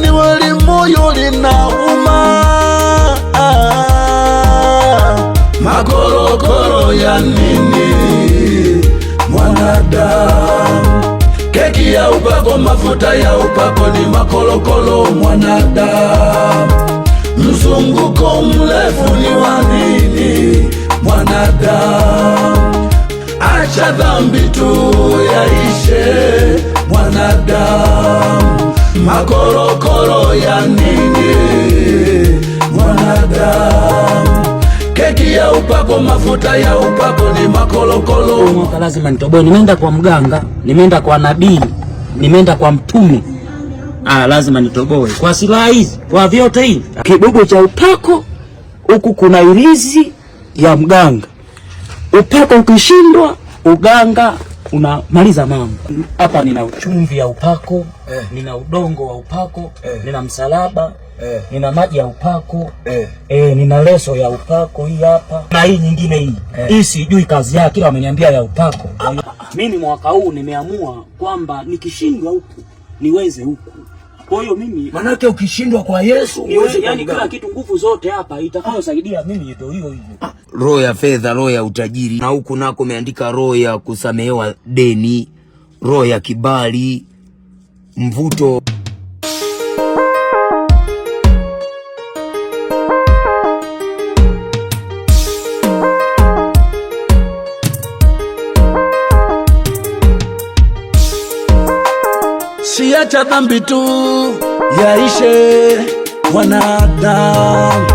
Yaani wali moyo linauma Makorokoro ya nini mwanadamu? Keki ya upako, mafuta ya upako ni makorokoro mwanadamu. Mzunguko mrefu ni wa nini mwanadamu? Acha dhambi tu yaishe makorokoro ya nini mwanadamu? Keki ya upako, mafuta ya upako ni makorokoro. Mwaka lazima nitoboe. Nimeenda kwa mganga, nimeenda kwa nabii, nimeenda kwa mtume. Ah, lazima nitoboe kwa silaha hizi, kwa vyote hivi. Kibugu cha upako huku kuna irizi ya mganga. Upako ukishindwa, uganga unamaliza mambo hapa. Nina uchumvi eh. ya upako eh, nina udongo wa upako eh, nina msalaba eh, nina maji ya upako eh, eh, nina leso ya upako hii hapa na hii nyingine hii eh, hii sijui kazi yake, wameniambia ya upako ah, ah, ah. Mimi mwaka huu nimeamua kwamba nikishindwa huku niweze huku kwa hiyo mimi manake ukishindwa kwa Yesu uweze yani kila kitu nguvu zote hapa itakayosaidia ah, mimi ndio hiyo hiyo. Ah, roho ya fedha, roho ya utajiri na huku nako umeandika roho ya kusamehewa deni, roho ya kibali, mvuto siacha dhambi tu yaishe wanadamu,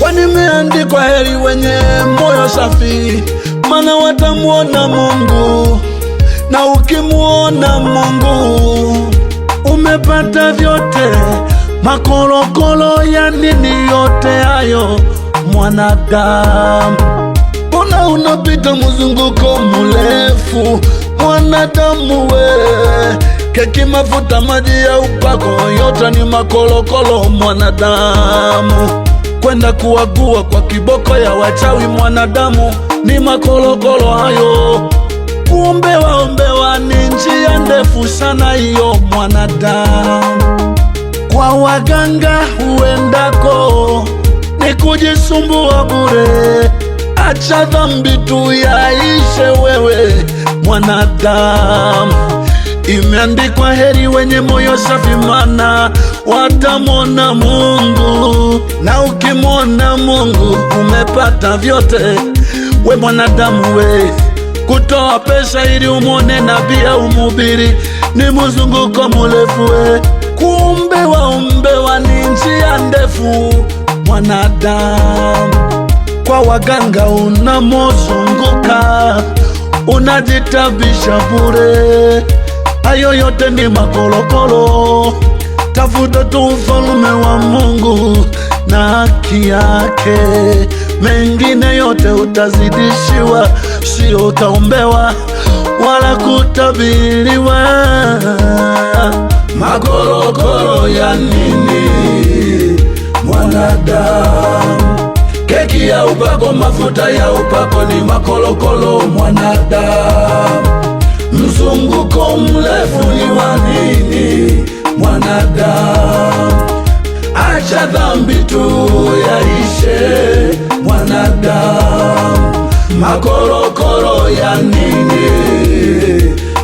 kwani meandikwa heri wenye moyo safi, mana watamuona Mungu. Na ukimuona Mungu umepata vyote. Makolokolo ya nini yote hayo mwanadamu? Mbona unapita muzunguko mulefu mwanadamu we keki, mafuta, maji ya upako, yote ni makolokolo. Mwanadamu kwenda kuwagua kwa kiboko ya wachawi, mwanadamu ni makolokolo hayo. Kumbe waombewa ni njia ndefu sana hiyo, mwanadamu kwa waganga huendako ni kujisumbua bure. Acha dhambi tu yaishe, wewe mwanadamu. Imeandikwa, heri wenye moyo safi, mana watamwona Mungu. Na ukimwona Mungu umepata vyote. We mwanadamu we, kutoa pesa ili umwone nabii au mhubiri ni muzunguko murefu we, kumbe waombewa ni njia ndefu. Mwanadamu kwa waganga unamozunguka unajitabisha bure hayo yote ni makolokolo. Tafuta tu ufalme wa Mungu na haki yake, mengine yote utazidishiwa, sio utaombewa wala kutabiriwa. Makorokoro ya nini mwanadamu? Keki ya upako, mafuta ya upako ni makolokolo mwana mrefu ni wa nini mwanadamu? Acha dhambi tu yaishe mwanadamu, makorokoro ya nini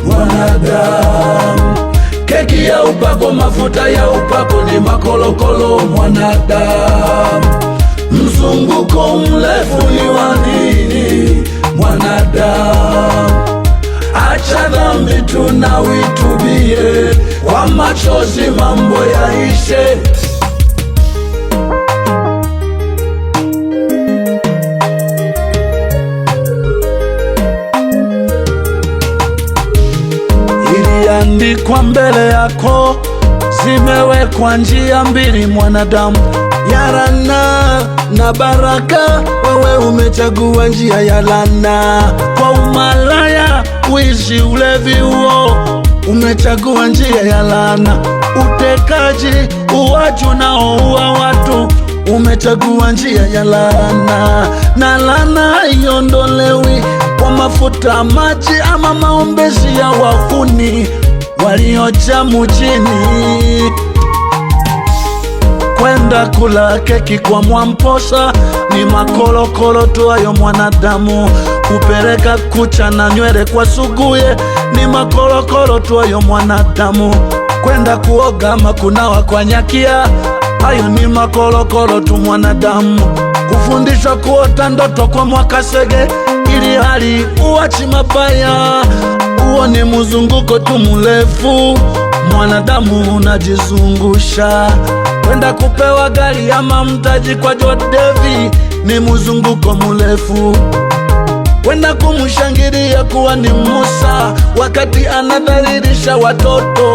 mwanadamu? Keki ya upako, mafuta ya upako ni makorokoro mwanadamu, mzunguko mrefu ni wa nini mwanadamu Acha dhambi tunawitubie, kwa machozi mambo yaishe. Iliandikwa mbele yako, zimewekwa njia mbili mwanadamu, yarana na baraka. Wewe umechagua njia ya lana kuishi ulevi huo, umechagua njia ya lana, Utekaji, uwaji unaoua watu, umechagua njia ya lana, na lana haiondolewi kwa mafuta, maji ama maombezi ya wahuni walioja mujini kwenda kula keki kwa Mwamposa. Ni makolokolo tu hayo mwanadamu. Kupereka kucha na nywele kwa suguye ni makorokoro tuayo mwanadamu. Kwenda kuoga makunawa kwa nyakia ayo ni makorokoro tu mwanadamu. Kufundishwa kuota ndoto kwa mwakasege ili hali uwachi mabaya, uwo ni muzunguko tu mulefu mwanadamu unajizungusha. Kwenda kupewa gari ama mtaji kwa Jodevi ni muzunguko mulefu wenda kumushangilia kuwa ni Musa wakati anadhalilisha watoto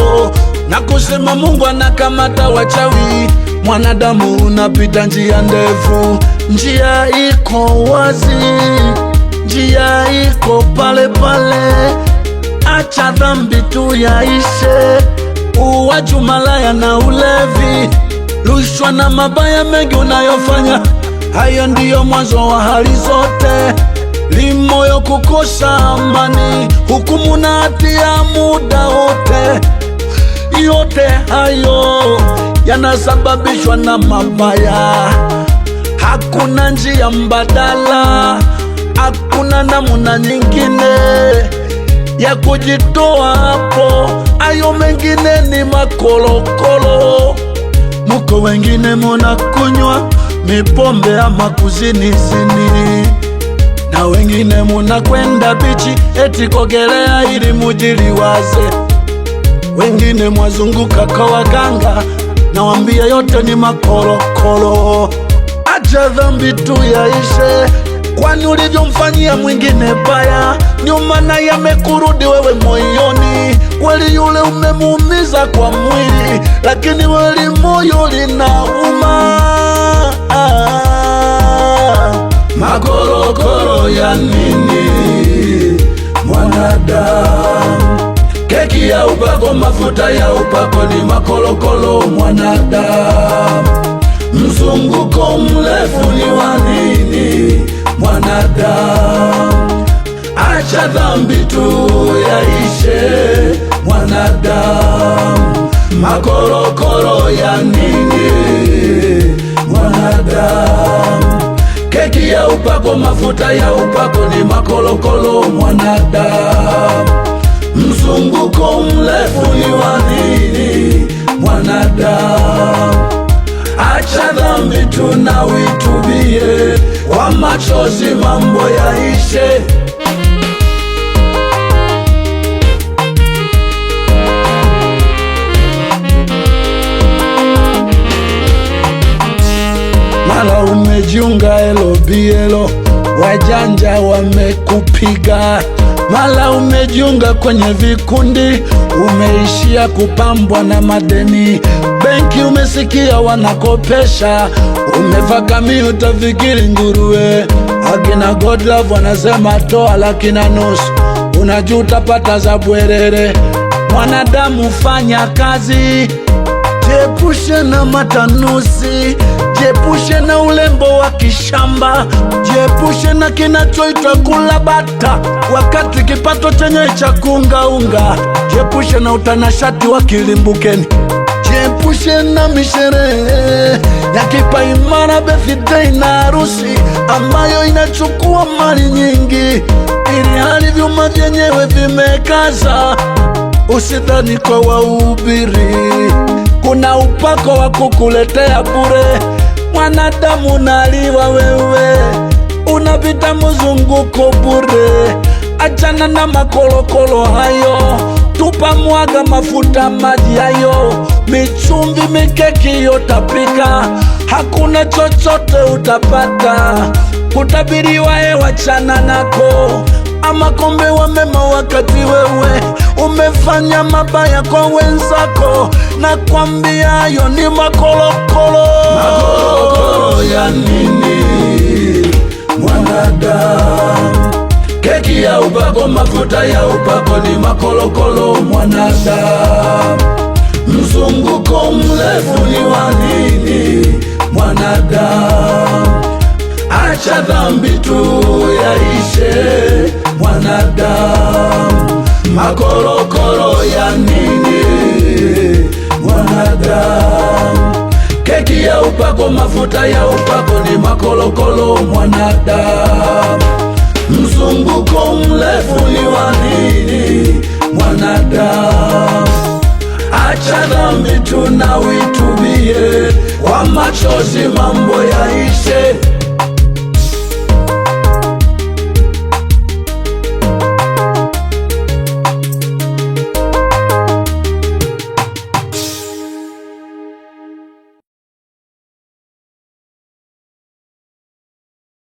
na kusema Mungu anakamata wachawi. Mwanadamu unapita njia ndefu, njia iko wazi, njia iko pale pale. Acha dhambi tu yaishe, uwaji, malaya na ulevi, rushwa na mabaya mengi unayofanya, hayo ndiyo mwanzo wa hali zote moyo kukosa amani, hukumu na hatia muda wote. Yote hayo yanasababishwa na mabaya, hakuna njia mbadala, hakuna namna nyingine ya kujitoa hapo. Ayo mengine ni makolokolo, muko wengine munakunywa mipombe ama kuzinizini na wengine munakwenda bichi eti kogelea ili mujiliwaze, wengine mwazunguka kwa waganga, nawambia yote ni makorokoro. Acha dhambi tu yaishe, kwani ulivyomfanyia mwingine baya na ya yamekurudi wewe moyoni. Kweli yule umemuumiza kwa mwili, lakini weli moyo linauma ah. ah makorokoro ya nini mwanadamu? Keki ya upako, mafuta ya upako ni makorokoro mwanadamu. Mzunguko mrefu ni wa nini mwanadamu? Acha dhambi tu yaishe mwanadamu. Makorokoro ya nini mwanadamu? ya upako, mafuta ya upako ni makolokolo mwanadamu. Mzunguko mrefu ni wa nini mwanadamu? Acha dhambi tunawitubie, kwa machozi mambo yaishe. elo bielo, wajanja wamekupiga. Mala umejiunga kwenye vikundi, umeishia kupambwa na madeni. Benki umesikia wanakopesha, umefakami ngurue nguruwe. Akina love wanasema toa lakina nusu, unajuta pata za bwerere. Mwanadamu fanya kazi jepushe na matanuzi, jepushe na ulembo wa kishamba, jepushe na kinachoitwa kula bata wakati kipato chenye cha kungaunga, jepushe na utanashati wa kilimbukeni, jepushe na misherehe ya kipaimara, birthday na harusi ambayo inachukua mali nyingi, ili hali vyuma vyenyewe vimekaza, usidhani kwa wahubiri kuna upako wa kukuletea bure. Mwanadamu naliwa wewe, unapita muzunguko bure. Achana na makolokolo hayo, tupa mwaga mafuta maji hayo, michumvi mikeki yotapika, hakuna chochote utapata kutabiriwa. wachana nako ama kombe wa mema, wakati wewe umefanya mabaya kwa wenzako, na kwambia hayo ni Makolokolo ya nini mwanadamu? Keki ya upako, mafuta ya upako ni makolokolo mwanadamu. Mzunguko mrefu ni wa nini mwanadamu? acha dhambi tu yaishe mwanadamu, makorokoro ya nini mwanadamu, keki ya upako, mafuta ya upako ni makorokoro mwanadamu, mzunguko mrefu ni wa nini mwanadamu, acha dhambi tu na witubie kwa machozi mambo yaishe.